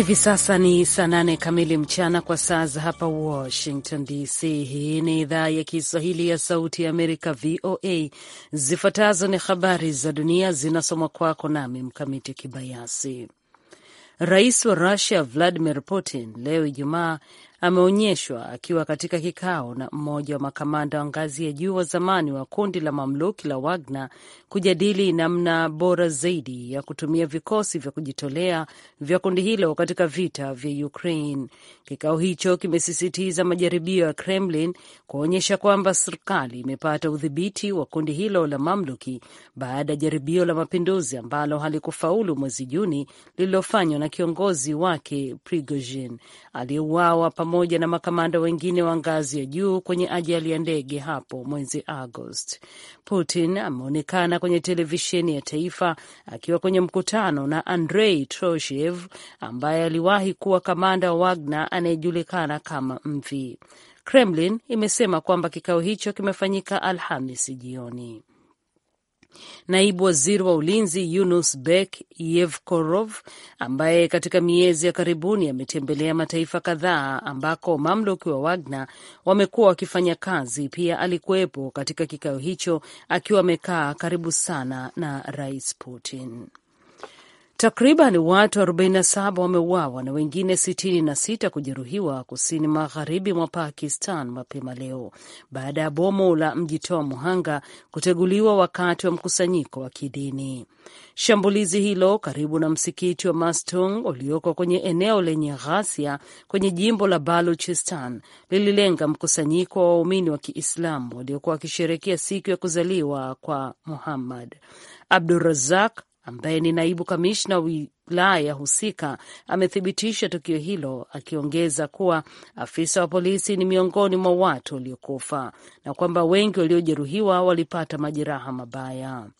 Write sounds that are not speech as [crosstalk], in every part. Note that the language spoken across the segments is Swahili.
Hivi sasa ni saa nane kamili mchana kwa saa za hapa Washington DC. Hii ni idhaa ya Kiswahili ya Sauti ya Amerika, VOA. Zifuatazo ni habari za dunia zinasomwa kwako nami Mkamiti Kibayasi. Rais wa Rusia Vladimir Putin leo Ijumaa ameonyeshwa akiwa katika kikao na mmoja wa makamanda wa ngazi ya juu wa zamani wa kundi la mamluki la Wagner kujadili namna bora zaidi ya kutumia vikosi vya kujitolea vya kundi hilo katika vita vya Ukraine. Kikao hicho kimesisitiza majaribio ya Kremlin kuonyesha kwamba serikali imepata udhibiti wa kundi hilo la mamluki baada ya jaribio la mapinduzi ambalo halikufaulu mwezi Juni lililofanywa na kiongozi wake Prigozhin aliyeuawa pamoja na makamanda wengine wa ngazi ya juu kwenye ajali ya ndege hapo mwezi Agosti. Putin ameonekana kwenye televisheni ya taifa akiwa kwenye mkutano na Andrei Troshev ambaye aliwahi kuwa kamanda wa Wagner anayejulikana kama Mvi. Kremlin imesema kwamba kikao hicho kimefanyika Alhamisi jioni. Naibu waziri wa ulinzi Yunus Bek Yevkorov, ambaye katika miezi ya karibuni ametembelea mataifa kadhaa ambako mamluki wa Wagner wamekuwa wakifanya kazi, pia alikuwepo katika kikao hicho akiwa amekaa karibu sana na Rais Putin. Takriban watu 47 wameuawa na wengine 66 kujeruhiwa kusini magharibi mwa Pakistan mapema leo baada ya bomu la mjitoa muhanga kuteguliwa wakati wa mkusanyiko wa kidini. Shambulizi hilo karibu na msikiti wa Mastung ulioko kwenye eneo lenye ghasia kwenye jimbo la Baluchistan lililenga mkusanyiko wa waumini wa Kiislamu waliokuwa wakisherekea siku ya kuzaliwa kwa Muhammad. Abdurazak ambaye ni naibu kamishna wa wilaya husika amethibitisha tukio hilo, akiongeza kuwa afisa wa polisi ni miongoni mwa watu waliokufa na kwamba wengi waliojeruhiwa walipata majeraha mabaya.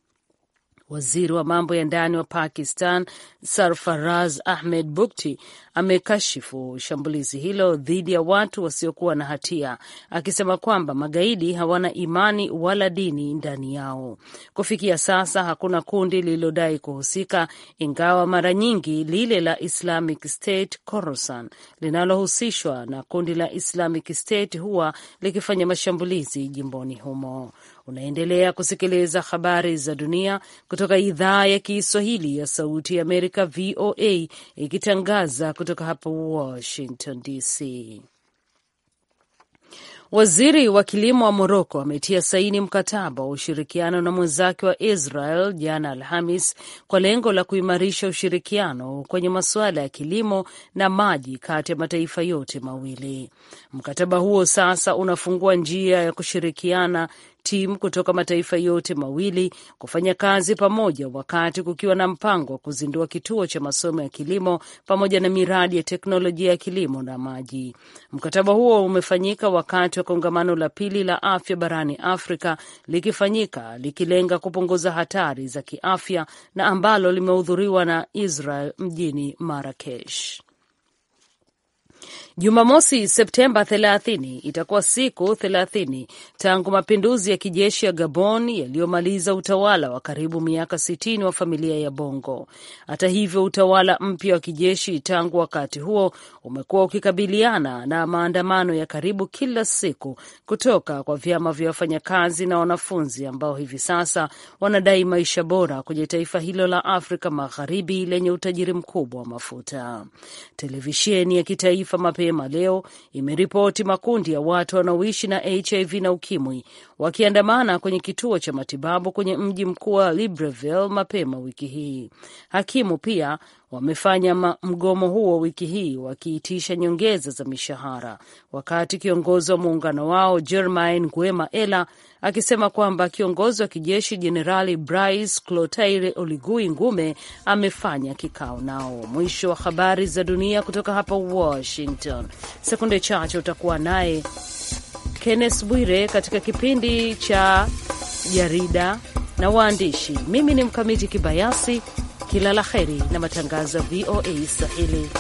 Waziri wa mambo ya ndani wa Pakistan Sarfaraz Ahmed Bukti amekashifu shambulizi hilo dhidi ya watu wasiokuwa na hatia, akisema kwamba magaidi hawana imani wala dini ndani yao. Kufikia sasa hakuna kundi lililodai kuhusika, ingawa mara nyingi lile la Islamic State Khorasan linalohusishwa na kundi la Islamic State huwa likifanya mashambulizi jimboni humo. Unaendelea kusikiliza habari za dunia kutoka idhaa ya Kiswahili ya Sauti ya Amerika, VOA, ikitangaza kutoka hapa Washington DC. Waziri wa kilimo wa Moroko ametia saini mkataba wa ushirikiano na mwenzake wa Israel jana Alhamis kwa lengo la kuimarisha ushirikiano kwenye masuala ya kilimo na maji kati ya mataifa yote mawili. Mkataba huo sasa unafungua njia ya kushirikiana timu kutoka mataifa yote mawili kufanya kazi pamoja, wakati kukiwa na mpango wa kuzindua kituo cha masomo ya kilimo pamoja na miradi ya teknolojia ya kilimo na maji. Mkataba huo umefanyika wakati wa kongamano la pili la afya barani Afrika likifanyika likilenga kupunguza hatari za kiafya na ambalo limehudhuriwa na Israel mjini Marakesh. Jumamosi Septemba 30 itakuwa siku 30 tangu mapinduzi ya kijeshi ya Gabon yaliyomaliza utawala wa karibu miaka 60 wa familia ya Bongo. Hata hivyo, utawala mpya wa kijeshi tangu wakati huo umekuwa ukikabiliana na maandamano ya karibu kila siku kutoka kwa vyama vya wafanyakazi na wanafunzi ambao hivi sasa wanadai maisha bora kwenye taifa hilo la Afrika Magharibi lenye utajiri mkubwa wa mafuta. Televisheni ya kitaifa mapema leo imeripoti makundi ya watu wanaoishi na HIV na ukimwi wakiandamana kwenye kituo cha matibabu kwenye mji mkuu wa Libreville mapema wiki hii. Hakimu pia wamefanya mgomo huo wiki hii wakiitisha nyongeza za mishahara, wakati kiongozi wa muungano wao Germain Nguema Ela akisema kwamba kiongozi wa kijeshi Jenerali Brice Clotaire Oligui Ngume amefanya kikao nao. Mwisho wa habari za dunia kutoka hapa Washington. Sekunde chache utakuwa naye Kenneth Bwire katika kipindi cha jarida na waandishi. Mimi ni Mkamiti Kibayasi. Kila la heri na matangazo ya VOA Swahili.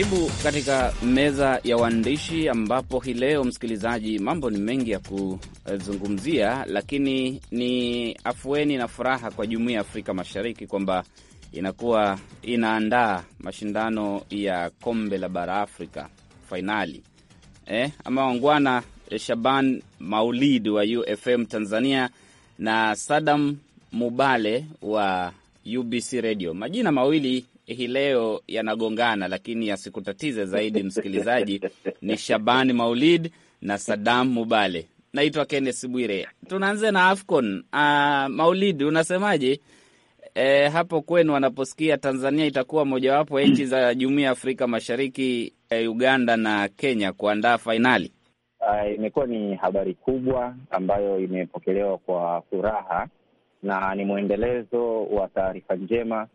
Karibu katika meza ya waandishi, ambapo hii leo msikilizaji, mambo ni mengi ya kuzungumzia, lakini ni afueni na furaha kwa jumuiya ya Afrika Mashariki kwamba inakuwa inaandaa mashindano ya kombe la bara Afrika fainali. Eh, ama wangwana eh, Shaban Maulid wa UFM Tanzania na Sadam Mubale wa UBC Radio, majina mawili hii leo yanagongana, lakini yasikutatize zaidi msikilizaji. [laughs] Ni Shabani Maulid na Sadam Mubale. Naitwa Kennes Bwire. Tunaanze na AFCON. Uh, Maulid, unasemaje e, hapo kwenu wanaposikia Tanzania itakuwa mojawapo ya nchi za Jumuiya ya Afrika Mashariki, eh, Uganda na Kenya kuandaa fainali? Uh, imekuwa ni habari kubwa ambayo imepokelewa kwa furaha na ni mwendelezo wa taarifa njema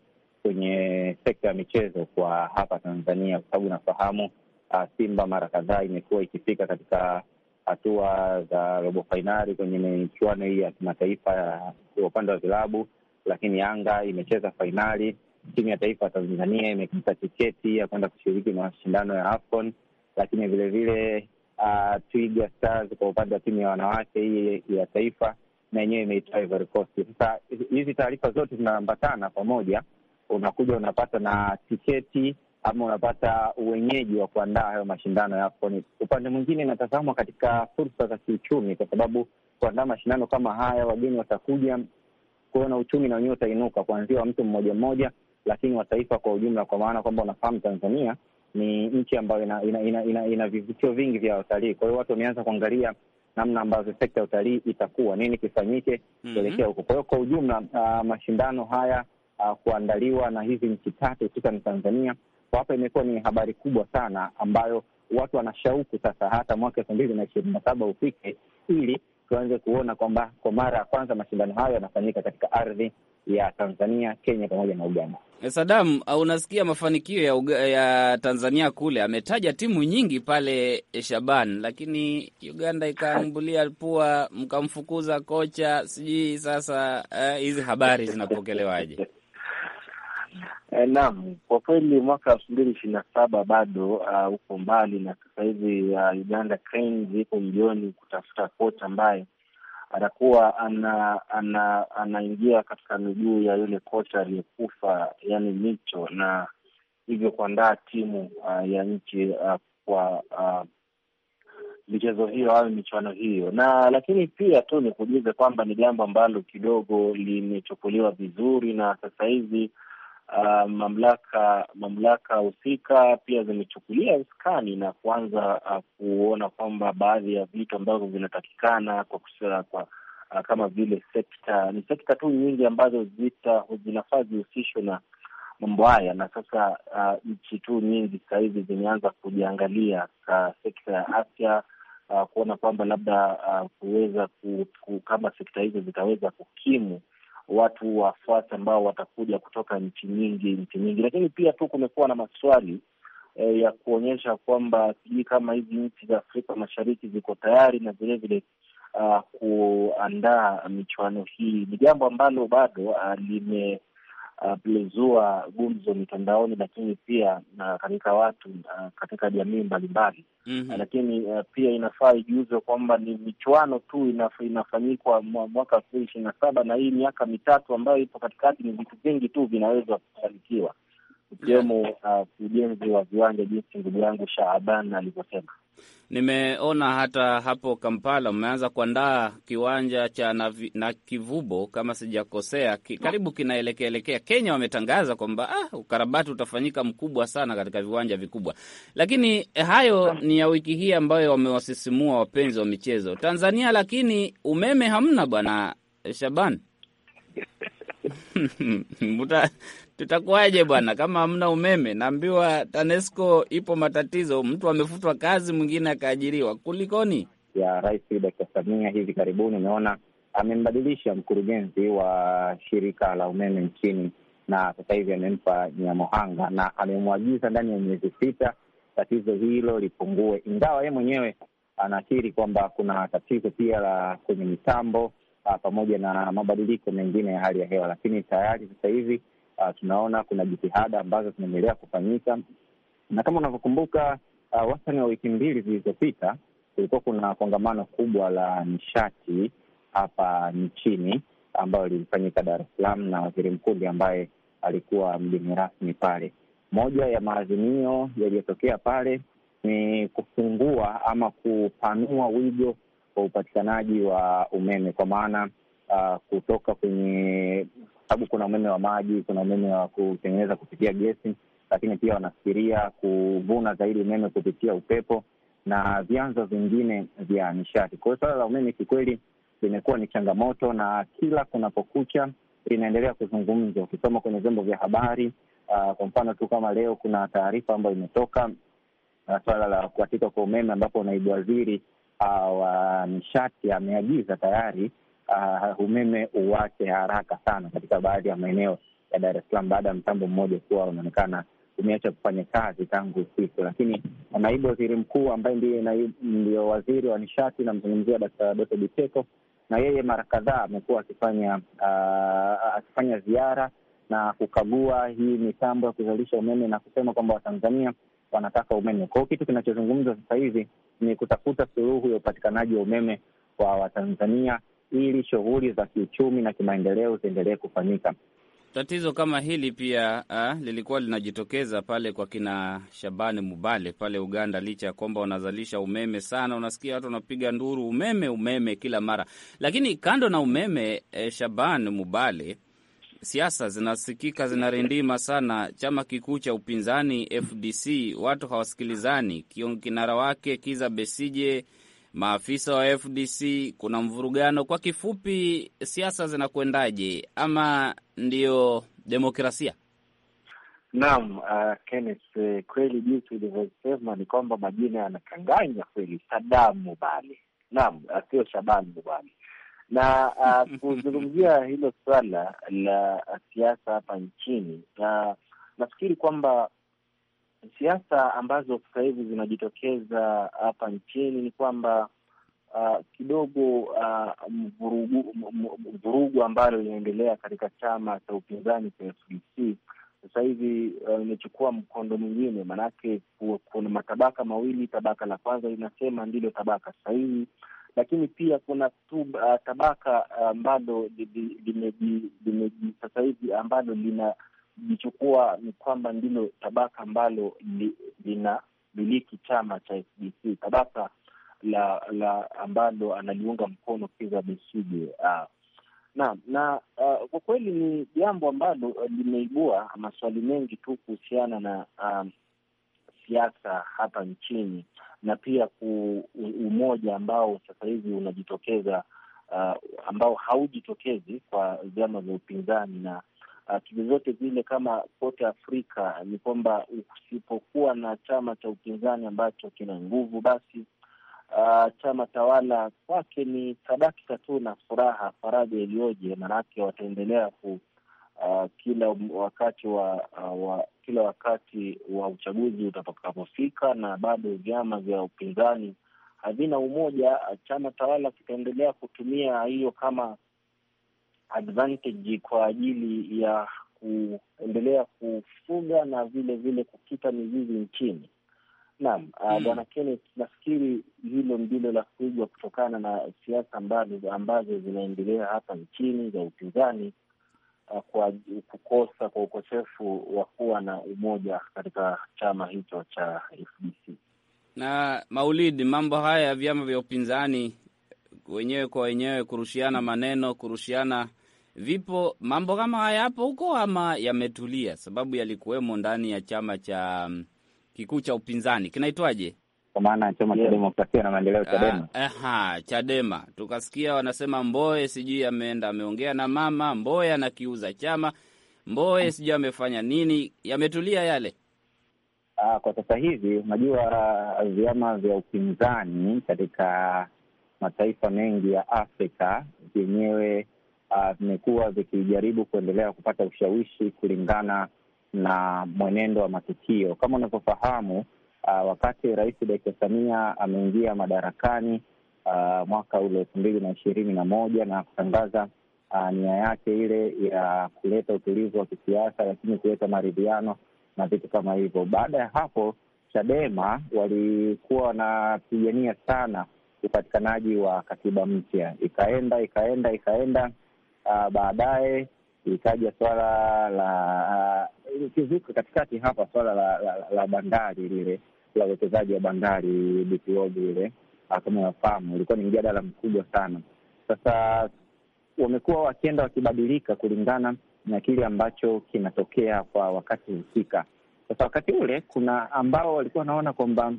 kwenye sekta ya michezo kwa hapa Tanzania, kwa sababu nafahamu uh, Simba mara kadhaa imekuwa ikifika katika hatua za robo fainali kwenye michuano hii ya kimataifa ya upande wa vilabu, lakini Yanga imecheza fainali, timu ya taifa ya Tanzania imekita tiketi ya kwenda kushiriki mashindano ya AFCON, lakini vilevile uh, ah, Twiga Stars kwa upande wa timu ya wanawake hii ya taifa na yenyewe imeitoa Ivory Coast. Sasa hizi taarifa zote zinaambatana pamoja unakuja unapata na tiketi ama unapata uwenyeji wa kuandaa hayo mashindano ya AFCON. Upande mwingine inatazamwa katika fursa za kiuchumi, kwa sababu kuandaa mashindano kama haya, wageni watakuja kuona uchumi na wenyewe utainuka, kuanzia wa mtu mmoja mmoja, lakini wa taifa kwa ujumla, kwa maana kwamba unafahamu Tanzania ni nchi ambayo ina, ina, ina, ina, ina vivutio vingi vya utalii. Kwa hiyo watu wameanza kuangalia namna ambavyo sekta ya utalii itakuwa, nini kifanyike mhm. kuelekea mm -hmm. huko. Kwa hiyo kwa ujumla uh, mashindano haya uh, kuandaliwa na hizi nchi tatu hususan Tanzania. Kwa hapa imekuwa ni habari kubwa sana ambayo watu wana shauku sasa, hata mwaka elfu mbili na ishirini na saba ufike ili tuanze kuona kwamba kwa mara ya kwanza mashindano hayo yanafanyika katika ardhi ya Tanzania, Kenya pamoja na Uganda. Eh, Sadam, uh, unasikia mafanikio ya Uga, ya Tanzania kule, ametaja timu nyingi pale Shaban, lakini Uganda ikaambulia pua, mkamfukuza kocha. Sijui sasa eh, hizi uh, habari zinapokelewaje? [laughs] E, naam, kwa kweli mwaka elfu mbili ishirini na saba bado uh, uko mbali na sasa hivi uh, Uganda Cranes iko mbioni kutafuta kocha ambaye atakuwa ana, ana, anaingia katika miguu ya yule kocha aliyekufa, yani Micho, na hivyo kuandaa timu uh, ya nchi uh, kwa uh, michezo hiyo au michuano hiyo. Na lakini pia tu nikujuze kwamba ni jambo ambalo kidogo limechukuliwa vizuri, na sasa hivi uh, mamlaka mamlaka husika pia zimechukulia usukani na kuanza uh, kuona kwamba baadhi ya vitu ambavyo vinatakikana kwa kusura, kwa uh, kama vile sekta ni sekta tu nyingi ambazo zita zinafaa zihusishwe na mambo haya na sasa, nchi uh, tu nyingi sasa zimeanza kujiangalia sekta ya afya uh, kuona kwamba labda uh, kuweza ku, ku, kama sekta hizo zitaweza kukimu watu wafuasi ambao watakuja kutoka nchi nyingi nchi nyingi, lakini pia tu kumekuwa na maswali e, ya kuonyesha kwamba sijui kama hizi nchi za Afrika Mashariki ziko tayari na vilevile uh, ah, kuandaa michuano hii. Ni jambo ambalo bado uh, lime uh, gumzo mitandaoni, lakini pia uh, katika watu uh, katika jamii mbalimbali mm -hmm. uh, lakini uh, pia inafaa ijuzwe kwamba ni michuano tu inaf, inafanyikwa mwaka elfu mbili ishirini na saba na hii miaka mitatu ambayo ipo katikati, ni vitu vingi tu vinaweza kufanikiwa ikiwemo uh, ujenzi uh, wa viwanja jinsi ndugu yangu Shaaban alivyosema. Nimeona hata hapo Kampala umeanza kuandaa kiwanja cha Navi, na Kivubo kama sijakosea ki, karibu kinaelekeelekea Kenya. Wametangaza kwamba ah, ukarabati utafanyika mkubwa sana katika viwanja vikubwa, lakini hayo ni ya wiki hii ambayo wamewasisimua wapenzi wa michezo Tanzania, lakini umeme hamna bwana Shaban. [laughs] [laughs] tutakuwaje bwana kama hamna umeme? Naambiwa TANESCO ipo matatizo, mtu amefutwa kazi, mwingine akaajiriwa. Kulikoni? ya Rais dakta Samia hivi karibuni umeona amembadilisha mkurugenzi wa shirika la umeme nchini, na sasa hivi amempa Nyamohanga na amemwagiza ndani ya miezi sita tatizo hilo lipungue, ingawa yeye mwenyewe anakiri kwamba kuna tatizo pia la kwenye mitambo ah, pamoja na mabadiliko mengine ya hali ya hewa, lakini tayari sasa hivi uh, tunaona kuna jitihada ambazo zinaendelea kufanyika, na kama unavyokumbuka uh, wastani wa wiki mbili zilizopita kulikuwa kuna kongamano kubwa la nishati hapa nchini ambayo lilifanyika Dar es Salaam na waziri mkuu ambaye alikuwa mgeni rasmi pale. Moja ya maazimio yaliyotokea pale ni kufungua ama kupanua wigo wa upatikanaji wa umeme kwa maana uh, kutoka kwenye sababu kuna umeme wa maji, kuna umeme wa kutengeneza kupitia gesi, lakini pia wanafikiria kuvuna zaidi umeme kupitia upepo na vyanzo vingine vya nishati. Kwa hiyo suala la umeme kikweli limekuwa ni changamoto, na kila kunapokucha linaendelea kuzungumzwa. Ukisoma kwenye vyombo vya habari uh, kwa mfano tu kama leo kuna taarifa ambayo imetoka uh, suala la kuatika kwa umeme ambapo naibu waziri uh, wa nishati ameagiza tayari uh, umeme uwake haraka sana katika baadhi ya maeneo ya Dar es Salaam baada ya mtambo mmoja kuwa unaonekana umeacha kufanya kazi tangu usiku. Lakini naibu waziri mkuu ambaye ndiye ndio waziri wa nishati, namzungumzia Daktari Doto Biteko, na yeye mara kadhaa amekuwa akifanya uh, akifanya ziara na kukagua hii mitambo ya kuzalisha umeme na kusema kwamba Watanzania wanataka umeme. Kwa hiyo kitu kinachozungumzwa sasa hivi ni kutafuta suluhu ya upatikanaji wa umeme kwa Watanzania ili shughuli za kiuchumi na kimaendeleo ziendelee kufanyika. Tatizo kama hili pia ha, lilikuwa linajitokeza pale kwa kina Shabani Mubale pale Uganda, licha ya kwamba wanazalisha umeme sana. Unasikia watu wanapiga nduru umeme, umeme kila mara. Lakini kando na umeme, e, Shaban Mubale, siasa zinasikika zinarindima sana. Chama kikuu cha upinzani FDC watu hawasikilizani, kinara wake Kiza Besije maafisa wa FDC, kuna mvurugano. Kwa kifupi, siasa zinakwendaje ama ndiyo demokrasia? Naam, uh, Kenneth, uh, kweli jinsi ulivyosema ni kwamba majina yanakanganya kweli. Saddam Mubali, naam, uh, sio Shaban Mubali. Na uh, [laughs] kuzungumzia hilo swala la siasa hapa nchini, uh, nafikiri kwamba siasa ambazo sasa hivi zinajitokeza hapa nchini ni kwamba uh, kidogo uh, mvurugu, mvurugu ambalo linaendelea katika chama cha upinzani cha FDC sasa hivi uh, imechukua uh, mkondo mwingine, maanake kuna matabaka mawili. Tabaka la kwanza linasema ndilo tabaka sahihi, lakini pia kuna tu, uh, tabaka uh, ambalo uh, sasa hivi ambalo lina kulichukua ni kwamba ndilo tabaka ambalo lina miliki chama cha FDC, tabaka la la ambalo analiunga mkono Kizza Besigye uh, na na uh, kwa kweli ni jambo ambalo ah, limeibua maswali mengi tu kuhusiana na um, siasa hapa nchini na pia ku umoja ambao sasa hivi unajitokeza uh, ambao haujitokezi kwa vyama vya upinzani na Ah, zote zile kama kote Afrika, ni kwamba usipokuwa na chama cha upinzani ambacho kina nguvu, basi Uh, chama tawala kwake ni sadakika tu na furaha, faraja iliyoje! Maanake wataendelea ku uh, kila wakati wa, uh, wa kila wakati wa uchaguzi utakapofika, na bado vyama vya upinzani havina umoja, chama tawala kitaendelea kutumia hiyo kama advantage kwa ajili ya kuendelea kufuga na vile vile kukita mizizi nchini. Naam, uh, hmm. bwana mm. Kenneth, nafikiri hilo ndilo la kuigwa kutokana na siasa ambazo, ambazo zinaendelea hapa nchini za upinzani uh, kwa kukosa kwa ukosefu wa kuwa na umoja katika chama hicho cha FDC na Maulid. Mambo haya ya vyama vya upinzani wenyewe kwa wenyewe, kurushiana maneno, kurushiana vipo. Mambo kama haya yapo huko ama yametulia? Sababu yalikuwemo ndani ya chama cha mm, kikuu cha upinzani kinaitwaje, kwa maana chama cha demokrasia na maendeleo, ah, Chadema. Chadema, tukasikia wanasema Mboe sijui ameenda ameongea na mama Mboe, anakiuza chama Mboe sijui amefanya nini. Yametulia yale. Aa, ah, kwa sasa hivi unajua vyama vya upinzani katika mataifa mengi ya Afrika vyenyewe ah, vimekuwa uh, vikijaribu kuendelea kupata ushawishi kulingana na mwenendo wa matukio. Kama unavyofahamu, uh, wakati Rais Dakta Samia ameingia madarakani uh, mwaka ule elfu mbili na ishirini na moja na kutangaza uh, nia yake ile ya kuleta utulivu wa kisiasa, lakini kuleta maridhiano na vitu kama hivyo. Baada ya hapo, Chadema walikuwa wanapigania sana upatikanaji wa katiba mpya. Ikaenda ikaenda ikaenda, uh, baadaye ikaja swala la uh, ikizuka katikati hapa swala la, la, la, la bandari lile la uwekezaji wa bandari BPOB ile ah, kama unafahamu, ilikuwa ni mjadala mkubwa sana. Sasa wamekuwa wakienda wakibadilika kulingana na kile ambacho kinatokea kwa wakati husika. Sasa wakati ule kuna ambao walikuwa wanaona kwamba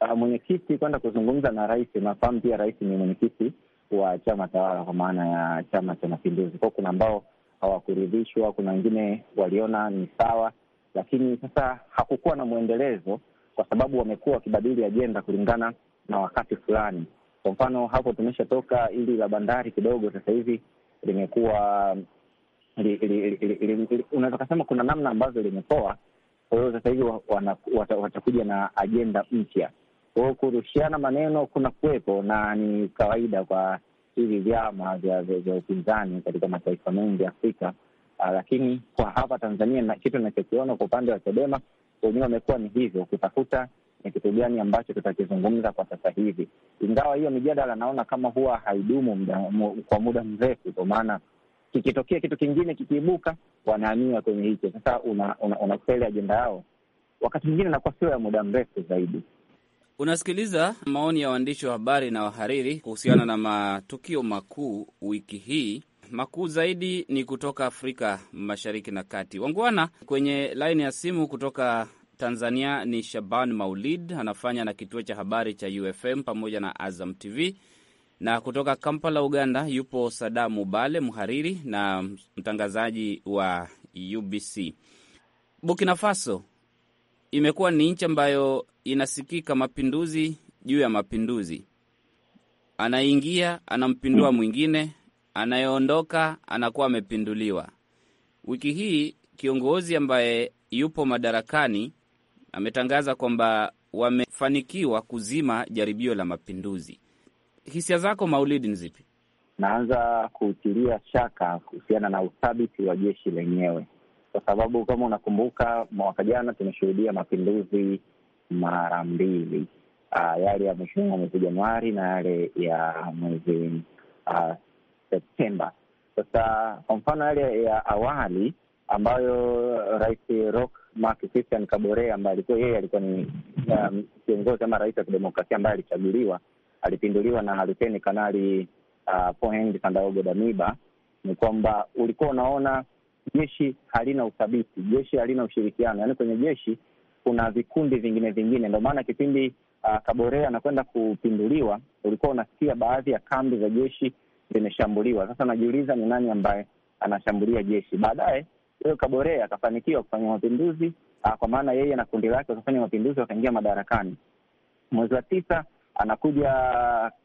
uh, mwenyekiti kwenda kuzungumza na rais. Nafahamu pia rais ni mwenyekiti wa chama tawala, kwa maana ya Chama cha Mapinduzi. Kwao kuna ambao hawakuridhishwa, kuna wengine waliona ni sawa, lakini sasa hakukuwa na mwendelezo, kwa sababu wamekuwa wakibadili ajenda kulingana na wakati fulani. Kwa mfano hapo tumeshatoka ili la bandari kidogo, sasa hivi limekuwa li, li, li, li, li, unaweza kasema kuna namna ambazo limepoa. Kwa hiyo sasa hivi watakuja na ajenda mpya kwao kurushiana maneno kuna kuwepo na ni kawaida kwa hivi vyama vya upinzani katika mataifa mengi ya Afrika. Uh, lakini kwa hapa Tanzania na kitu nachokiona kwa upande wa Chadema wenyewe wamekuwa ni hivyo, kutafuta ni kitu gani ambacho tutakizungumza kwa sasa hivi, ingawa hiyo mijadala naona kama huwa haidumu mda, kwa muda mrefu, kwa maana kikitokea kitu kingine kikiibuka wanaamia kwenye hicho sasa, una, una, una ajenda yao wakati mwingine nakuwa sio ya muda mrefu zaidi. Unasikiliza maoni ya waandishi wa habari na wahariri kuhusiana na matukio makuu wiki hii. Makuu zaidi ni kutoka Afrika Mashariki na Kati. Wangwana kwenye laini ya simu kutoka Tanzania ni Shaban Maulid, anafanya na kituo cha habari cha UFM pamoja na Azam TV, na kutoka Kampala, Uganda, yupo Sadamu Bale, mhariri na mtangazaji wa UBC. Burkina Faso imekuwa ni nchi ambayo inasikika mapinduzi juu ya mapinduzi, anaingia anampindua mwingine, anayeondoka anakuwa amepinduliwa. Wiki hii kiongozi ambaye yupo madarakani ametangaza kwamba wamefanikiwa kuzima jaribio la mapinduzi. Hisia zako Maulidi ni zipi? Naanza kutilia shaka kuhusiana na uthabiti wa jeshi lenyewe, kwa sababu kama unakumbuka, mwaka jana tumeshuhudia mapinduzi mara mbili, uh, yale ya mwishoni wa mwezi Januari na yale ya mwezi uh, Septemba. Sasa kwa mfano yale ya awali ambayo Rais Roch Marc Christian Kabore ambaye alikuwa yeye alikuwa ni um, ama rais wa kidemokrasia ambaye alichaguliwa, alipinduliwa na Luteni Kanali uh, ah, Pohend Sandaogo Damiba, ni kwamba ulikuwa unaona jeshi halina uthabiti, jeshi halina ushirikiano, yaani kwenye jeshi kuna vikundi vingine vingine. Ndio maana kipindi uh, Kaborea anakwenda kupinduliwa, ulikuwa unasikia baadhi ya kambi za jeshi zimeshambuliwa. Sasa najiuliza ni nani ambaye anashambulia jeshi? Baadaye huyo Kaborea akafanikiwa kufanya mapinduzi uh, kwa maana yeye na kundi lake wakafanya mapinduzi, wakaingia madarakani. Mwezi wa tisa anakuja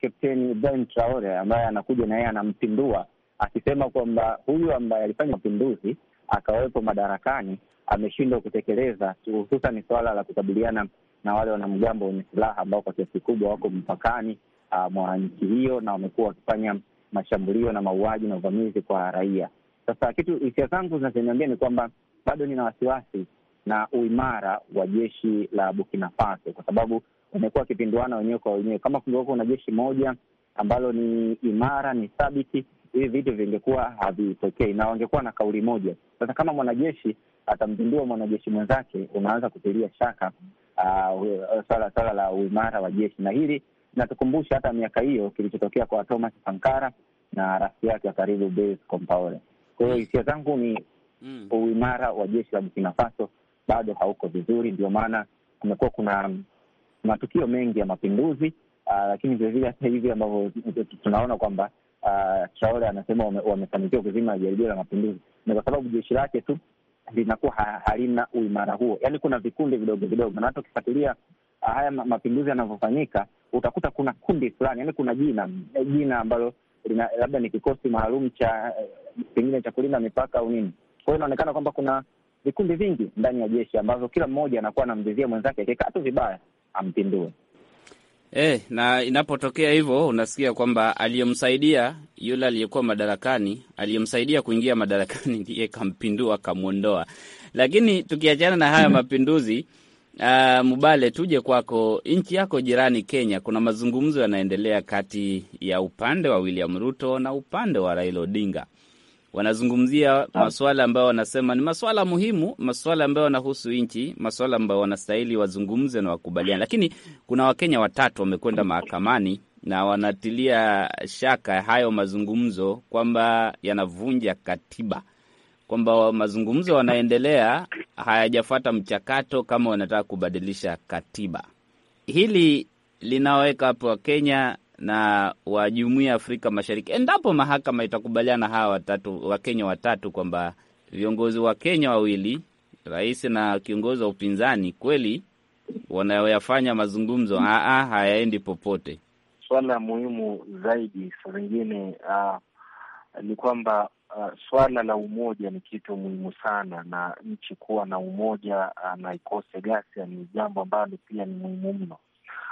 Kapteni Ibrahim Traore ambaye anakuja na yeye anampindua, akisema kwamba huyu ambaye alifanya mapinduzi akawepo madarakani ameshindwa kutekeleza, hususan suala la kukabiliana na wale wanamgambo wenye silaha ambao kwa kiasi kikubwa wako mpakani uh, mwa nchi hiyo na wamekuwa wakifanya mashambulio na mauaji na uvamizi kwa raia. Sasa kitu hisia zangu zinazoniambia ni kwamba bado nina wasiwasi na uimara wa jeshi la Burkina Faso kwa sababu wamekuwa wakipinduana wenyewe kwa wenyewe. Kama kungekuwa na jeshi moja ambalo ni imara, ni thabiti, hivi vitu vingekuwa havitokei na wangekuwa na kauli moja. Sasa kama mwanajeshi atamzindua mwanajeshi mwenzake, unaanza kutulia shaka ah, swala uh, swala la uimara wa jeshi, na hili natukumbusha hata miaka hiyo kilichotokea kwa Thomas Sankara na rafiki yake wa karibu Blaise Compaore. Kwa hiyo hisia zangu ni mm, uimara wa jeshi la Burkina Faso bado hauko vizuri, ndio maana kumekuwa kuna matukio mengi ya mapinduzi uh, lakini vilevile hata hivi ambavyo tunaona kwamba uh, Traore anasema wamefanikiwa wame kuzima jaribio la mapinduzi ni kwa sababu jeshi lake tu linakuwa halina uimara huo, yaani kuna vikundi vidogo vidogo, na hata ukifuatilia ah, haya mapinduzi yanavyofanyika utakuta kuna kundi fulani, yaani kuna jina jina ambalo labda ni kikosi maalum cha eh, pengine cha kulinda mipaka au nini. Kwa hiyo inaonekana kwamba kuna vikundi vingi ndani ya jeshi ambavyo kila mmoja anakuwa anamvizia mwenzake, akiweka hatu vibaya ampindue. Eh, na inapotokea hivyo unasikia kwamba aliyemsaidia yule aliyekuwa madarakani, aliyemsaidia kuingia madarakani [laughs] ndiye kampindua, kamwondoa. Lakini tukiachana na haya mapinduzi Uh, Mubale, tuje kwako. Nchi yako jirani Kenya, kuna mazungumzo yanaendelea kati ya upande wa William Ruto na upande wa Raila Odinga wanazungumzia ah. masuala ambayo wanasema ni masuala muhimu, masuala ambayo wanahusu nchi, masuala ambayo wanastahili wazungumze na wakubaliana. Lakini kuna Wakenya watatu wamekwenda mahakamani na wanatilia shaka hayo mazungumzo kwamba yanavunja katiba, kwamba mazungumzo wanaendelea hayajafuata mchakato kama wanataka kubadilisha katiba. Hili linaweka hapo Wakenya na wa Jumuiya ya Afrika Mashariki endapo mahakama itakubaliana hawa watatu Wakenya watatu kwamba viongozi wa Kenya wawili, rais na kiongozi wa upinzani, kweli wanayoyafanya mazungumzo aa, ah, ah, hayaendi popote. Swala muhimu zaidi saa zingine uh, ni kwamba uh, swala la umoja ni kitu muhimu sana, na nchi kuwa na umoja uh, na ikose ghasia ni jambo ambalo pia ni muhimu mno.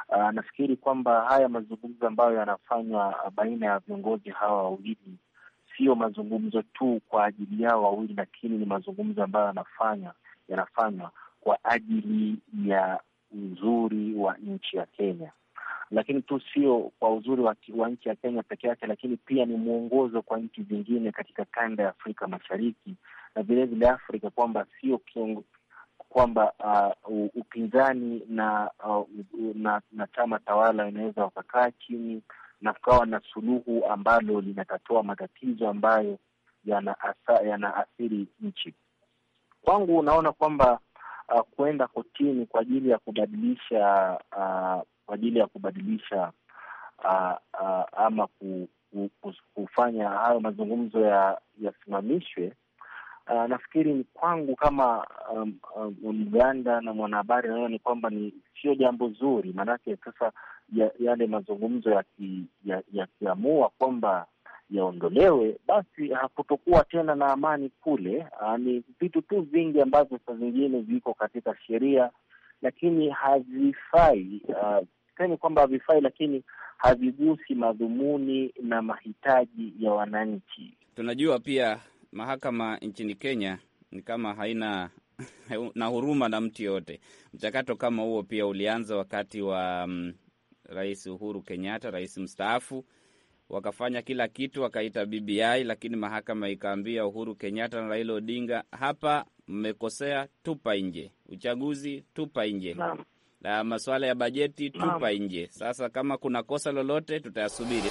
Uh, nafikiri kwamba haya mazungumzo ambayo yanafanywa ah, baina ya viongozi hawa wawili sio mazungumzo tu kwa ajili yao wawili, lakini ni mazungumzo ambayo yanafanywa yanafanywa kwa ajili ya uzuri wa nchi ya Kenya, lakini tu sio kwa uzuri wa, wa nchi ya Kenya peke yake, lakini pia ni mwongozo kwa nchi zingine katika kanda ya Afrika Mashariki na vilevile Afrika kwamba sio kwamba uh, upinzani na, uh, na na chama tawala inaweza wakakaa chini na kukawa na suluhu ambalo linatatua matatizo ambayo yanaathiri yana nchi. Kwangu unaona kwamba uh, kuenda kotini kwa ajili ya kubadilisha uh, kwa ajili ya kubadilisha uh, uh, ama ku, ku, ku, kufanya hayo mazungumzo yasimamishwe ya Uh, nafikiri ni kwangu kama um, um, Mganda na mwanahabari, naona ni kwamba ni sio jambo zuri, maanake sasa yale ya mazungumzo yakiamua ya kwamba yaondolewe, basi hakutokuwa tena na amani kule. Uh, ni vitu tu vingi ambavyo saa zingine viko katika sheria lakini havifai uh, sisemi kwamba havifai, lakini havigusi madhumuni na mahitaji ya wananchi. Tunajua pia mahakama nchini Kenya ni kama haina [laughs] na huruma na mtu yoyote. Mchakato kama huo pia ulianza wakati wa um, Rais Uhuru Kenyatta, rais mstaafu. Wakafanya kila kitu, wakaita BBI, lakini mahakama ikaambia Uhuru Kenyatta na Raila Odinga, hapa mmekosea, tupa nje. Uchaguzi tupa nje na, na masuala ya bajeti tupa nje. Sasa kama kuna kosa lolote tutayasubiri.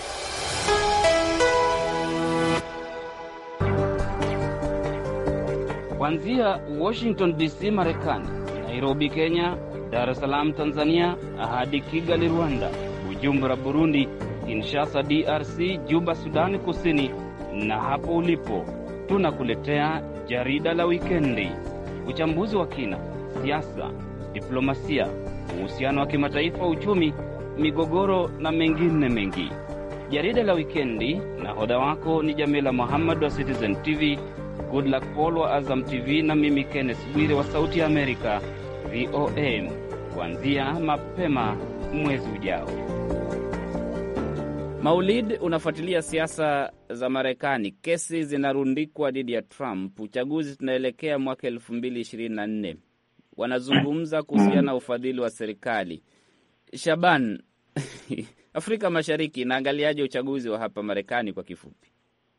kuanzia Washington DC, Marekani, Nairobi, Kenya, Dar es Salaam, Tanzania, hadi Kigali, Rwanda, Bujumbura, Burundi, Kinshasa, DRC, Juba, Sudani Kusini, na hapo ulipo tunakuletea jarida la wikendi, uchambuzi wa kina, siasa, diplomasia, uhusiano wa kimataifa, uchumi, migogoro na mengine mengi. Jarida la wikendi, nahodha wako ni Jamila Muhammad wa Citizen TV Goodluck Paul wa Azam TV na mimi Kenneth Bwire wa Sauti ya Amerika VOA, kuanzia mapema mwezi ujao. Maulid, unafuatilia siasa za Marekani. Kesi zinarundikwa dhidi ya Trump. Uchaguzi tunaelekea mwaka elfu mbili ishirini na nne. Wanazungumza kuhusiana na ufadhili wa serikali. Shaban, [laughs] Afrika Mashariki inaangaliaje uchaguzi wa hapa Marekani? Kwa kifupi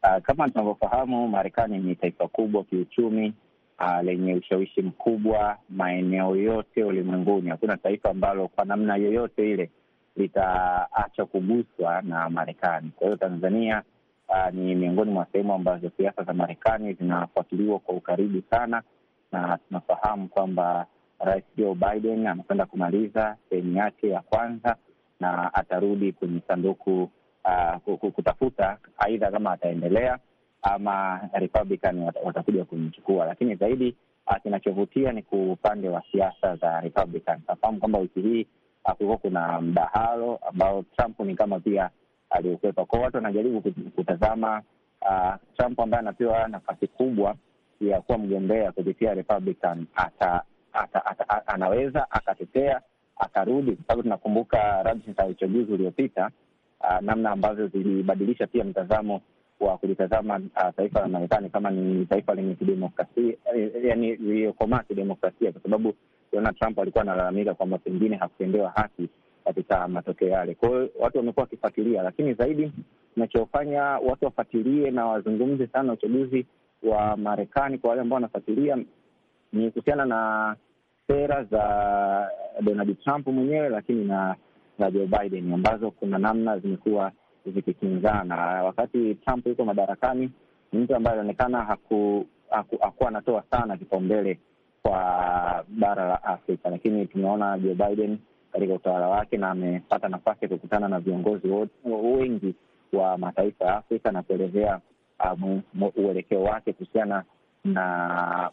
Uh, kama tunavyofahamu Marekani ni taifa kubwa kiuchumi, uh, lenye ushawishi mkubwa maeneo yote ulimwenguni. Hakuna taifa ambalo kwa namna yoyote ile litaacha kuguswa na Marekani. Kwa hiyo Tanzania uh, ni miongoni mwa sehemu ambazo siasa za Marekani zinafuatiliwa kwa ukaribu sana, na tunafahamu kwamba Rais Joe Biden anakwenda kumaliza sehemu yake ya kwanza na atarudi kwenye sanduku uh, kutafuta aidha kama ataendelea ama Republican watakuja kumchukua, lakini zaidi uh, kinachovutia ni ku upande wa siasa za Republican. Nafahamu kwamba wiki hii uh, kulikuwa kuna mdahalo ambao Trump ni kama pia aliokwepa kwao. Watu wanajaribu kutazama uh, Trump ambaye anapewa nafasi kubwa ya kuwa mgombea kupitia Republican ata, ata, ata, ata, anaweza akatetea akarudi, kwa sababu tunakumbuka uchaguzi uliopita uh, namna ambavyo zilibadilisha pia mtazamo wa kulitazama uh, taifa la Marekani kama ni taifa lenye kidemokrasia, eh, eh, yaani liliyokomaa kidemokrasia, kwa sababu Donald Trump alikuwa analalamika kwamba pengine hakutendewa haki katika matokeo yale. Kwa hiyo watu wamekuwa wakifuatilia, lakini zaidi inachofanya watu wafuatilie na wazungumze sana uchaguzi wa Marekani kwa wale ambao wanafuatilia ni kuhusiana na sera za Donald Trump mwenyewe, lakini na za Joe Biden ambazo kuna namna zimekuwa zikikinzana. Wakati Trump yuko madarakani, ni mtu ambaye alionekana hakuwa anatoa sana kipaumbele kwa bara la Afrika, lakini tumeona Joe Biden katika utawala wake na amepata nafasi ya kukutana na viongozi wengi wa mataifa ya Afrika na kuelezea uelekeo um, wake kuhusiana na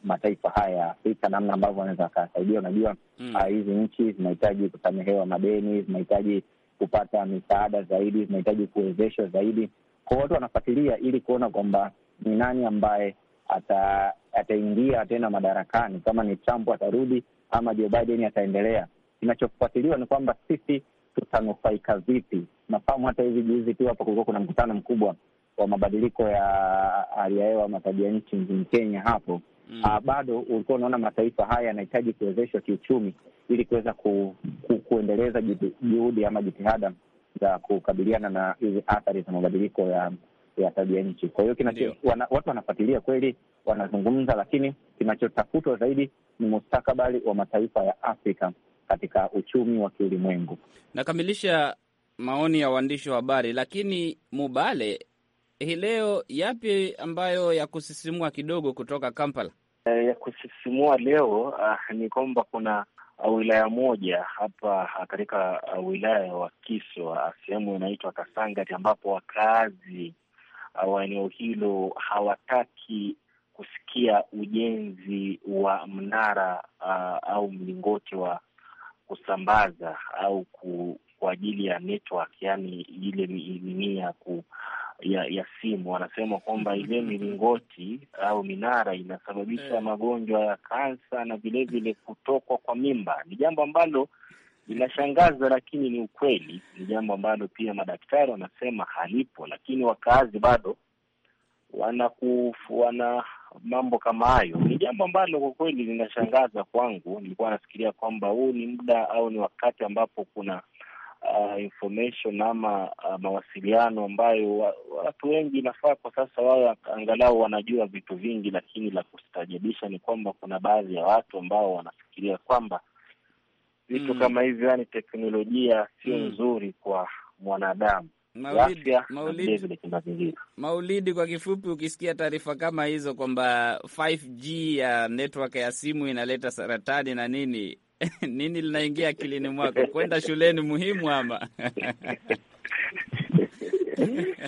mataifa haya ya Afrika, namna ambavyo wanaweza wakasaidia. Unajua hmm. ah, hizi mm. uh, nchi zinahitaji kusamehewa madeni, zinahitaji kupata misaada zaidi, zinahitaji kuwezeshwa zaidi. Kwa watu wanafuatilia ili kuona kwamba ni nani ambaye ataingia ata tena madarakani, kama ni Trump atarudi ama Joe Biden ataendelea. Kinachofuatiliwa ni kwamba sisi tutanufaika vipi. Nafahamu hata hivi juzi tu hapa kulikuwa kuna mkutano mkubwa wa mabadiliko ya hali ya hewa ama tabia nchi nchini Kenya hapo mm. Uh, bado ulikuwa unaona mataifa haya yanahitaji kuwezeshwa kiuchumi ili kuweza ku, ku, kuendeleza juhudi ama jitihada za kukabiliana na hizi athari za mabadiliko ya ya tabia nchi. Kwa hiyo wana, watu wanafuatilia kweli, wanazungumza, lakini kinachotafutwa zaidi ni mustakabali wa mataifa ya Afrika katika uchumi wa kiulimwengu. Nakamilisha maoni ya waandishi wa habari, lakini Mubale, hii leo, yapi ambayo ya kusisimua kidogo kutoka Kampala? E, ya kusisimua leo uh, ni kwamba kuna ah, wilaya moja hapa ah, katika wilaya ya Wakiso sehemu inaitwa Kasangati ambapo wakaazi wa eneo hilo hawataki kusikia ujenzi wa mnara uh, au mlingoti wa kusambaza au ku, kwa ajili ya network, yani ile nini ya ku ya ya simu wanasema kwamba mm-hmm. ile milingoti au minara inasababisha eh. magonjwa ya kansa na vilevile kutokwa kwa mimba. Ni jambo ambalo linashangaza, lakini ni ukweli. Ni jambo ambalo pia madaktari wanasema halipo, lakini wakaazi bado wanakufu, wana mambo kama hayo. Ni jambo ambalo kwa kweli linashangaza kwangu. Nilikuwa nafikiria kwamba huu ni muda au ni wakati ambapo kuna uh, information ama uh, mawasiliano ambayo watu wengi nafaa kwa sasa wao angalau wanajua vitu vingi, lakini la kustajabisha ni kwamba kuna baadhi ya watu ambao wanafikiria kwamba vitu mm. kama hivyo, yani teknolojia sio mm. nzuri kwa mwanadamu. Maulidi, Maulidi, Maulidi, kwa kifupi, ukisikia taarifa kama hizo kwamba 5G ya network ya simu inaleta saratani na nini, [laughs] nini linaingia akilini mwako? Kwenda shuleni muhimu ama? [laughs]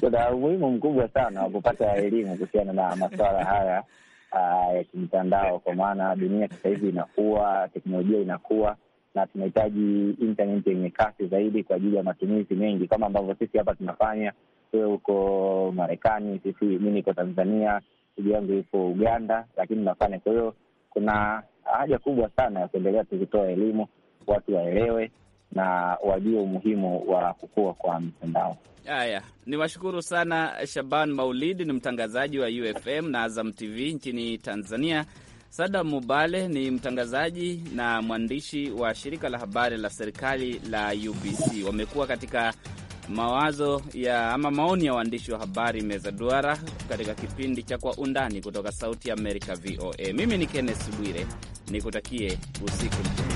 Kuna umuhimu mkubwa sana wa kupata elimu kuhusiana na masuala haya ah, ya kimtandao, kwa maana dunia sasa hivi inakuwa, teknolojia inakuwa na tunahitaji intaneti yenye kasi zaidi kwa ajili ya matumizi mengi, kama ambavyo sisi hapa tunafanya. Wewe uko Marekani, sisi mi niko Tanzania, ndugu yangu Uganda, lakini tunafanya. Kwa hiyo kuna haja kubwa sana ya kuendelea tukitoa elimu, watu waelewe na wajue umuhimu wa kukua kwa mtandao. Haya, ni washukuru sana Shaban Maulid, ni mtangazaji wa UFM na Azam TV nchini Tanzania. Sada Mubale ni mtangazaji na mwandishi wa shirika la habari la serikali la UBC. Wamekuwa katika mawazo ya ama maoni ya waandishi wa habari meza duara katika kipindi cha Kwa Undani kutoka Sauti ya Amerika, VOA. Mimi ni Kenneth Bwire, nikutakie usiku mzuri.